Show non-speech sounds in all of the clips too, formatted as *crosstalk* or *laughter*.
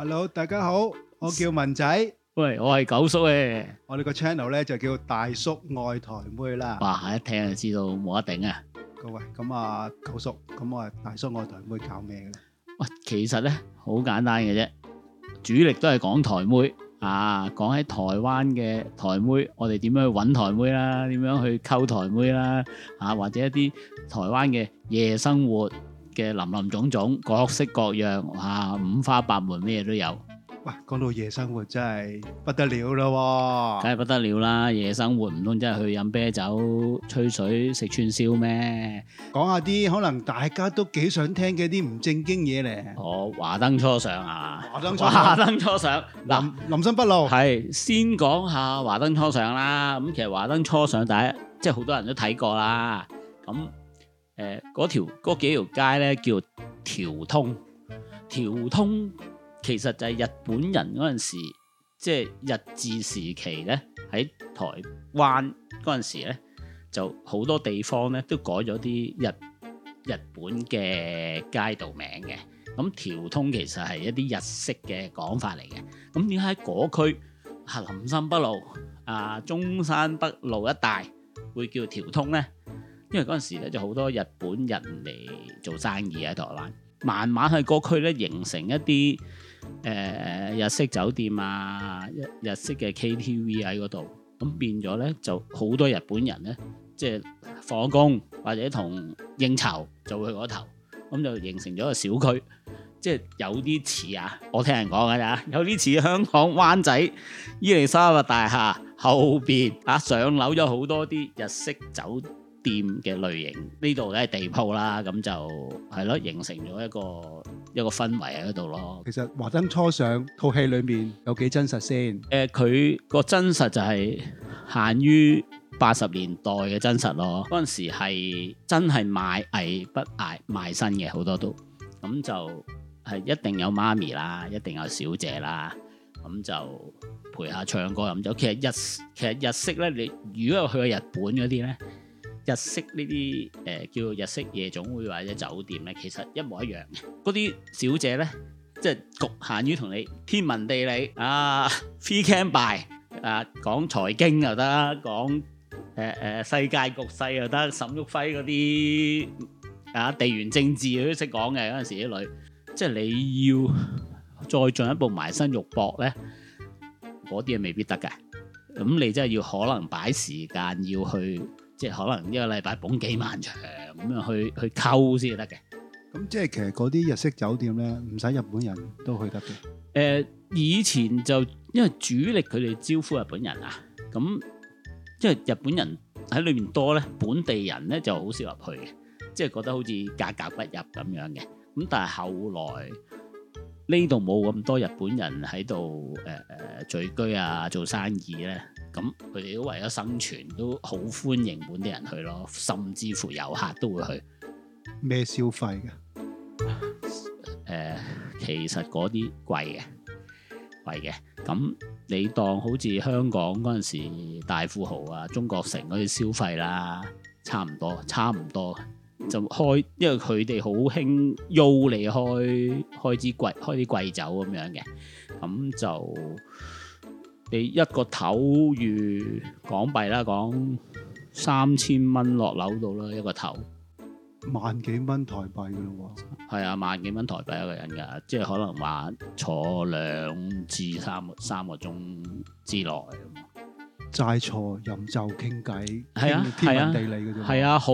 Hello，大家好，我叫文仔。喂，我係九叔誒。我哋個 channel 咧就叫大叔愛台妹啦。哇，一聽就知道冇得頂啊！各位，咁啊，九叔，咁我係大叔愛台妹搞咩嘅咧？喂，其實咧好簡單嘅啫，主力都係講台妹啊，講喺台灣嘅台妹，我哋點樣去搵台妹啦，點樣去溝台妹啦，啊，或者一啲台灣嘅夜生活。嘅林林種種，各式各樣，哇，五花八門，咩都有。喂，講到夜生活真係不得了咯，梗係不得了啦！夜生活唔通真係去飲啤酒、吹水、食串燒咩？講下啲可能大家都幾想聽嘅啲唔正經嘢咧。哦，華燈初上啊，華燈初上，林森北路。係，先講下華燈初上啦。咁其實華燈初上第一，即係好多人都睇過啦。咁誒，嗰條嗰幾條街咧叫，條通，條通其實就係日本人嗰陣時，即係日治時期咧喺台灣嗰陣時咧，就好多地方咧都改咗啲日日本嘅街道名嘅。咁條通其實係一啲日式嘅講法嚟嘅。咁點解喺嗰區啊，林森北路啊、中山北路一帶會叫條通咧？因為嗰陣時咧就好多日本人嚟做生意喺台灣，慢慢喺個區咧形成一啲誒、呃、日式酒店啊，日式嘅 KTV 喺嗰度，咁變咗咧就好多日本人咧，即係放工或者同應酬就去嗰頭，咁就形成咗個小區，即係有啲似啊，我聽人講㗎咋，有啲似香港灣仔伊利沙伯大廈後邊啊，上樓咗好多啲日式酒。店嘅類型呢度咧係地鋪啦，咁就係咯，形成咗一個一個氛圍喺度咯。其實華燈初上套戲裏面有幾真實先？誒、呃，佢個真實就係限於八十年代嘅真實咯。嗰陣時係真係賣藝不賣身嘅，好多都咁，就係一定有媽咪啦，一定有小姐啦，咁就陪下唱歌飲酒。其實日其實日式咧，你如果有去過日本嗰啲咧。日式呢啲，誒，叫做日式夜總會或者酒店咧，其實一模一樣。嗰啲小姐咧，即係侷限於同你天文地理啊，free can buy 啊，講財經又得，講誒誒世界局勢又得，沈旭輝嗰啲啊，地緣政治佢都識講嘅。嗰陣時啲女，即係你要再進一步埋身肉搏咧，嗰啲係未必得嘅。咁你真係要可能擺時間要去。即係可能一個禮拜捧幾萬場咁樣去去溝先得嘅。咁、嗯、即係其實嗰啲日式酒店咧，唔使日本人都去得嘅。誒、呃，以前就因為主力佢哋招呼日本人啊，咁、嗯、即係日本人喺裏面多咧，本地人咧就好少入去嘅，即係覺得好似格格不入咁樣嘅。咁、嗯、但係後來呢度冇咁多日本人喺度誒誒聚居啊，做生意咧。咁佢哋都為咗生存，都好歡迎本地人去咯，甚至乎遊客都會去。咩消費嘅？誒、 *laughs* 呃，其實嗰啲貴嘅，貴嘅。咁你當好似香港嗰陣時大富豪啊，中國城嗰啲消費啦，差唔多，差唔多就開，因為佢哋好興要你開，開支貴，開啲貴酒咁樣嘅，咁就。你一個頭預港幣啦，講三千蚊落樓度啦，一個頭萬幾蚊台幣噶啦喎。係啊，萬幾蚊台幣一個人㗎，即係可能話坐兩至三個三個鐘之內，齋坐飲酒傾偈，係啊，係天文地理嗰種，係啊，啊，好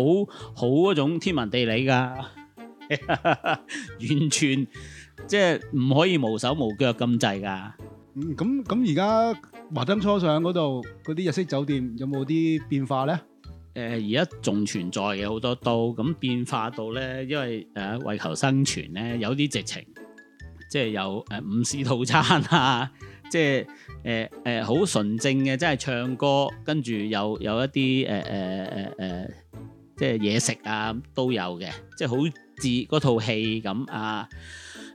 好嗰種天文地理㗎， *laughs* 完全即係唔可以無手無腳咁滯㗎。咁咁而家華燈初上嗰度嗰啲日式酒店有冇啲變化咧？誒、呃，而家仲存在嘅好多都咁變化到咧，因為誒、呃、為求生存咧，有啲直情即係有誒、呃、午市套餐啊，即係誒誒好純正嘅，即係唱歌，跟住又有，有一啲誒誒誒誒，即係嘢食啊都有嘅，即係好似嗰套戲咁啊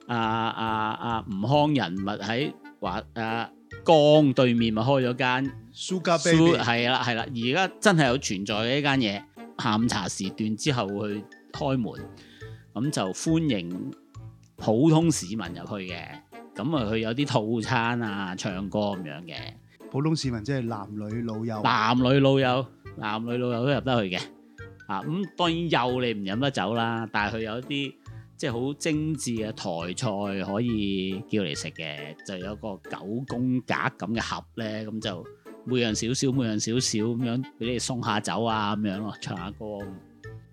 啊啊啊，啊，啊吳慷仁人物喺。話誒、啊、江對面咪開咗間蘇家 baby，係啦係啦，而家真係有存在嘅一間嘢。下午茶時段之後會去開門，咁就歡迎普通市民入去嘅。咁啊，佢有啲套餐啊、唱歌咁樣嘅。普通市民即係男女老幼，男女老幼，男女老幼都入得去嘅。啊，咁、嗯、當然幼你唔飲得酒啦，但係佢有啲。即係好精緻嘅台菜可以叫嚟食嘅，就有個九宮格咁嘅盒呢。咁就每樣少少，每樣少少咁樣俾你送下酒啊，咁樣咯，唱下歌。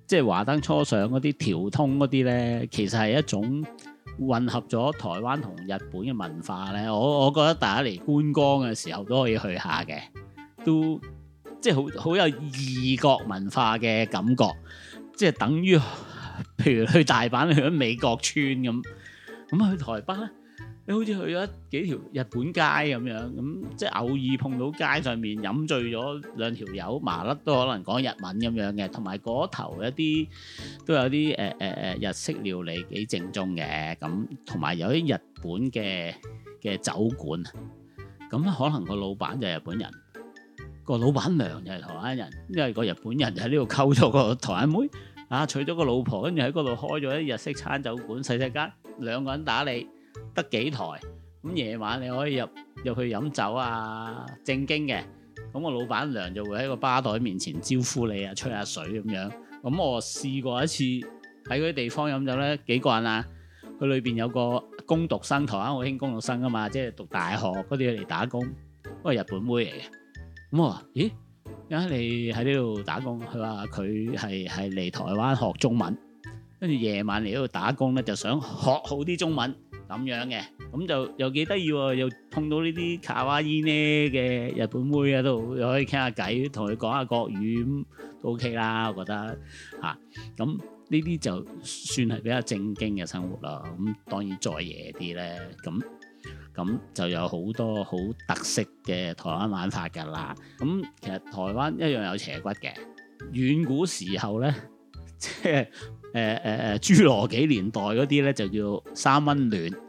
即係華燈初上嗰啲條通嗰啲呢，其實係一種混合咗台灣同日本嘅文化呢。我我覺得大家嚟觀光嘅時候都可以去下嘅，都即係好好有異國文化嘅感覺，即係等於。譬如去大阪去咗美國村咁，咁去台北咧，你好似去咗幾條日本街咁樣，咁即係偶爾碰到街上面飲醉咗兩條友麻甩都可能講日文咁樣嘅，同埋嗰頭一啲都有啲誒誒誒日式料理幾正宗嘅，咁同埋有啲日本嘅嘅酒館，咁可能個老闆就係日本人，個老闆娘就係台灣人，因為個日本人就喺呢度溝咗個台灣妹。啊！娶咗個老婆，跟住喺嗰度開咗一日式餐酒館，細細間，兩個人打理，得幾台。咁夜晚你可以入入去飲酒啊，正經嘅。咁個老闆娘就會喺個吧台面前招呼你啊，吹下水咁樣。咁我試過一次喺嗰啲地方飲酒咧，幾慣啊。佢裏邊有個工讀生，台灣好興工讀生噶嘛，即係讀大學嗰啲嚟打工，都係日本妹嚟嘅。咁我，咦？啊！你喺呢度打工，佢話佢係係嚟台灣學中文，跟住夜晚嚟呢度打工咧，就想學好啲中文咁樣嘅，咁就又幾得意喎，又碰到呢啲卡哇伊咧嘅日本妹喺度，又可以傾下偈，同佢講下國語咁都 OK 啦，我覺得嚇。咁呢啲就算係比較正經嘅生活啦。咁當然再夜啲咧，咁。咁就有好多好特色嘅台灣玩法噶啦。咁其實台灣一樣有邪骨嘅。遠古時候咧，即係誒誒誒侏羅紀年代嗰啲咧，就叫三溫暖。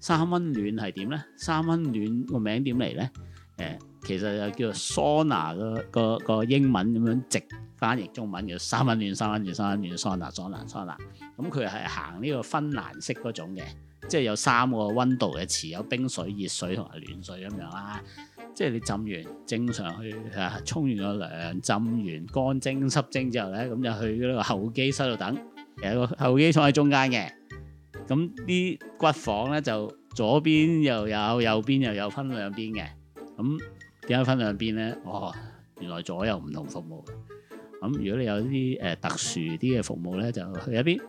三溫暖係點咧？三溫暖個名點嚟咧？誒，其實就叫做 sauna 個個個英文咁樣直翻譯中文，叫三溫暖、三溫暖、三溫暖 sauna sauna sauna 咁佢係行呢個芬蘭式嗰種嘅。即係有三個溫度嘅池，有冰水、熱水同埋暖水咁樣啦。即係你浸完，正常去啊，沖完個涼，浸完乾蒸、濕蒸之後咧，咁、嗯、就去嗰個候機室度等。有個候機室喺中間嘅，咁、嗯、啲骨房咧就左邊又有，右邊又有分兩邊嘅。咁點解分兩邊咧？哦，原來左右唔同服務嘅。咁、嗯、如果你有啲誒、呃、特殊啲嘅服務咧，就去一邊。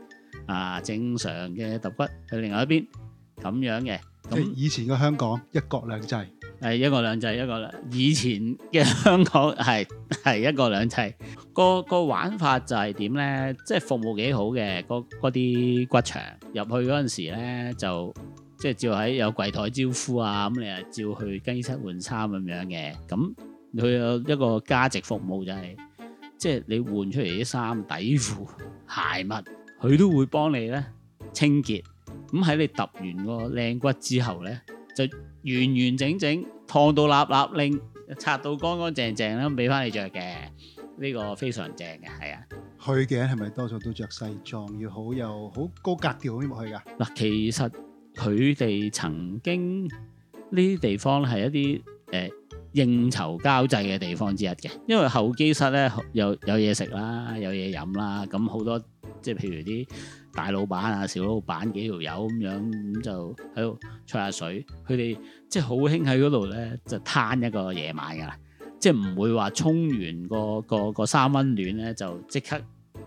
啊，正常嘅揼骨，去另外一邊咁樣嘅。即係以前嘅香港一國兩制，係一國兩制一個。以前嘅香港係係一國兩制。個個玩法就係點呢？即係服務幾好嘅，個嗰啲骨場入去嗰陣時呢，就即係照喺有櫃台招呼啊，咁你啊照去更衣室換衫咁樣嘅。咁佢有一個價值服務就係，即係你換出嚟啲衫、底褲、鞋襪。佢都會幫你咧清潔，咁喺你揼完個靚骨之後咧，就完完整整燙到立立令，擦到乾乾淨淨啦，俾翻你著嘅，呢個非常正嘅，係啊。去嘅人係咪多數都著西裝，要好又好高格調咁去噶？嗱，其實佢哋曾經呢啲地方係一啲誒應酬交際嘅地方之一嘅，因為候機室咧有有嘢食啦，有嘢飲啦，咁好多。即係譬如啲大老闆啊、小老闆幾條友咁樣，咁就喺度吹下水。佢哋即係好興喺嗰度咧，就攤一個夜晚㗎啦。即係唔會話沖完個個個三溫暖咧，就即刻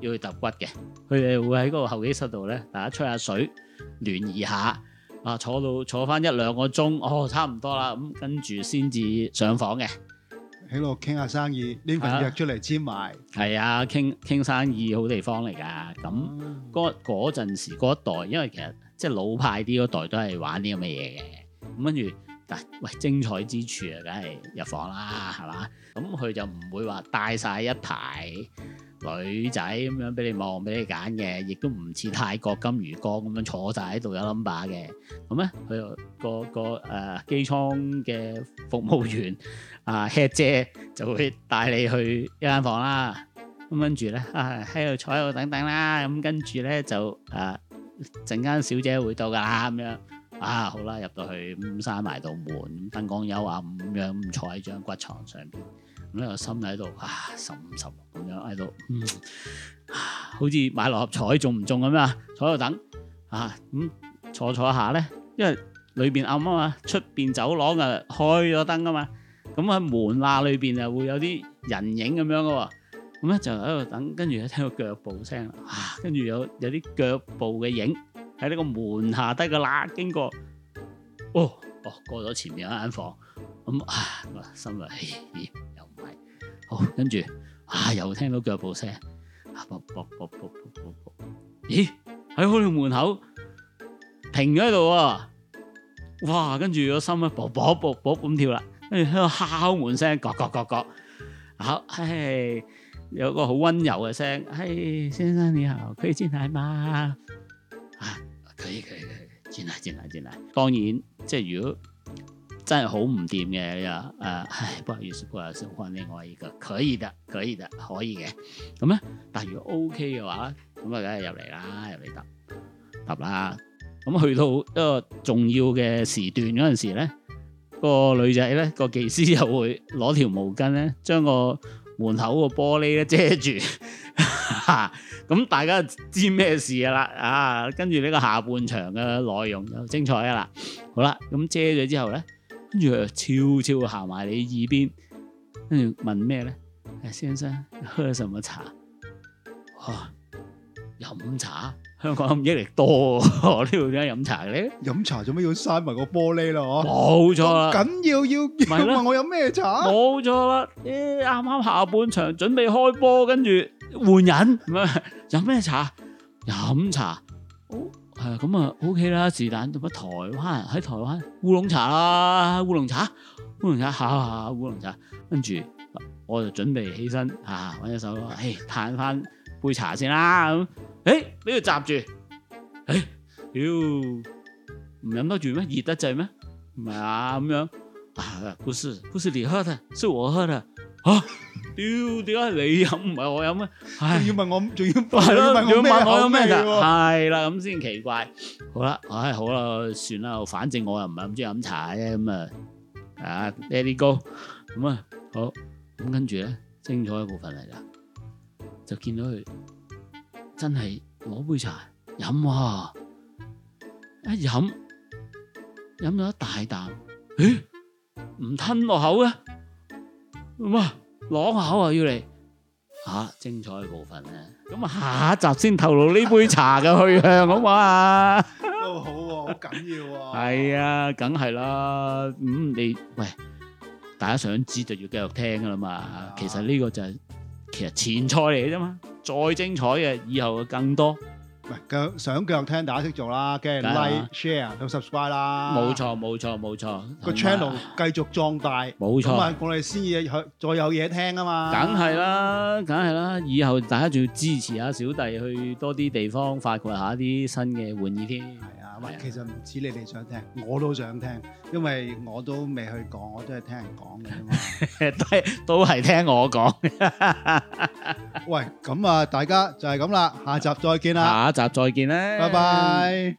要去揼骨嘅。佢哋會喺嗰個候機室度咧，大家吹下水，暖熱下，啊坐到坐翻一兩個鐘，哦差唔多啦，咁跟住先至上房嘅。喺度傾下生意，拎份約出嚟簽埋。係啊，傾傾、啊、生意好地方嚟噶。咁嗰嗰陣時嗰一代，因為其實即係老派啲嗰代都係玩啲咁嘅嘢嘅。咁跟住，但、啊、喂精彩之處啊，梗係入房啦，係嘛？咁佢就唔會話帶晒一排。女仔咁樣俾你望，俾你揀嘅，亦都唔似泰國金魚缸咁樣坐晒喺度有 number 嘅。咁、那、咧、個，佢個個誒、啊、機艙嘅服務員啊，head 姐就會帶你去一間房啦。咁跟住咧，啊喺度坐喺度等等啦。咁跟住咧就誒陣間小姐會到㗎啦。咁樣啊，好啦，入到去咁閂埋道門，咁燈光友話咁樣唔坐喺張骨床上邊。咁咧個心喺度啊，十五十六咁樣喺度，嗯，啊，好似買六合彩中唔中咁啊，坐喺度等，啊，咁、嗯、坐一坐一下咧，因為裏邊暗啊出邊走廊啊開咗燈噶嘛，咁喺門罅裏邊啊會有啲人影咁樣噶喎，咁咧就喺度等，跟住咧聽到腳步聲，啊，跟住有有啲腳步嘅影喺呢個門下低個罅經過，哦，哦，過咗前面有一間房，咁、嗯、啊，心啊～好，跟住啊，又聽到腳步聲，卜卜卜卜卜卜卜，咦？喺我哋門口停咗喺度喎，哇！跟住個心咧，卜卜卜卜咁跳啦，跟住喺度敲門聲，噉噉噉噉，好，嘿，有個好溫柔嘅聲，嘿，先生你好，可以轉奶嗎？啊，可以可以可以，轉奶轉奶轉奶，當然，即係如果。真係好唔掂嘅又誒，不好意思，想換另外一個，可以得，可以得，可以嘅。咁咧，但係如果 OK 嘅話，咁啊梗係入嚟啦，入嚟搭搭啦。咁去到一個重要嘅時段嗰陣時咧，個女仔咧、個技師又會攞條毛巾咧，將個門口個玻璃咧遮住。咁 *laughs* 大家知咩事㗎啦？啊，跟住呢個下半場嘅內容就精彩㗎啦。好啦，咁遮咗之後咧。跟住悄悄行埋你耳邊，跟住問咩咧？先生，喝什麼茶？哦，飲茶？香港咁益力多，我呢度點解飲茶嘅咧？飲茶做咩要閂埋個玻璃咯？哦，冇錯啦，緊要要問問我飲咩茶？冇錯啦，啱啱下半場準備開波，跟住換人，飲咩茶？飲茶。係咁啊，OK 啦，是但做乜？台灣喺台灣烏龍茶啦，烏龍茶，烏龍茶，下、啊、下、啊、烏龍茶，跟住我就準備起身嚇，揾、啊、一首，唉、哎，歎翻杯茶先啦咁，唉、嗯，俾佢閘住，唉、欸，妖唔飲得住咩？熱得滯咩？唔係啊，咁樣啊，不是，不是你喝的，是我喝的啊！屌，點解你飲唔係我飲啊？仲要問我，仲要問我有咩嘅？係啦，咁先奇怪。好啦，唉，好啦，算啦，反正我又唔係咁中意飲茶啫。咁啊，啊，呢啲高，咁啊，好。咁跟住咧，精彩一部分嚟啦，就見到佢真係攞杯茶飲啊，一飲飲咗一大啖，咦？唔吞落口呀，哇！攞口啊！要嚟嚇精彩嘅部分咧，咁啊下一集先透露呢杯茶嘅去向好嘛？都好啊，好緊要啊！係 *laughs* 啊，梗係啦。嗯，你喂大家想知就要繼續聽噶啦嘛。啊、其實呢個就係、是、其實前菜嚟嘅啫嘛，再精彩嘅以後更多。唔係腳想腳聽，大家識做啦，跟住 like share 同 subscribe 啦。冇錯冇錯冇錯，個 channel 繼續壯大。冇錯的，我哋先至再有嘢聽啊嘛。梗係啦，梗係啦，以後大家仲要支持下小弟去多啲地方發掘下啲新嘅玩意添。其實唔止你哋想聽，我都想聽，因為我都未去講，我都係聽人講嘅啫嘛， *laughs* 都係都係聽我講嘅。 *laughs* 喂，咁啊，大家就係咁啦，下集再見啦，下一集再見啦！拜拜。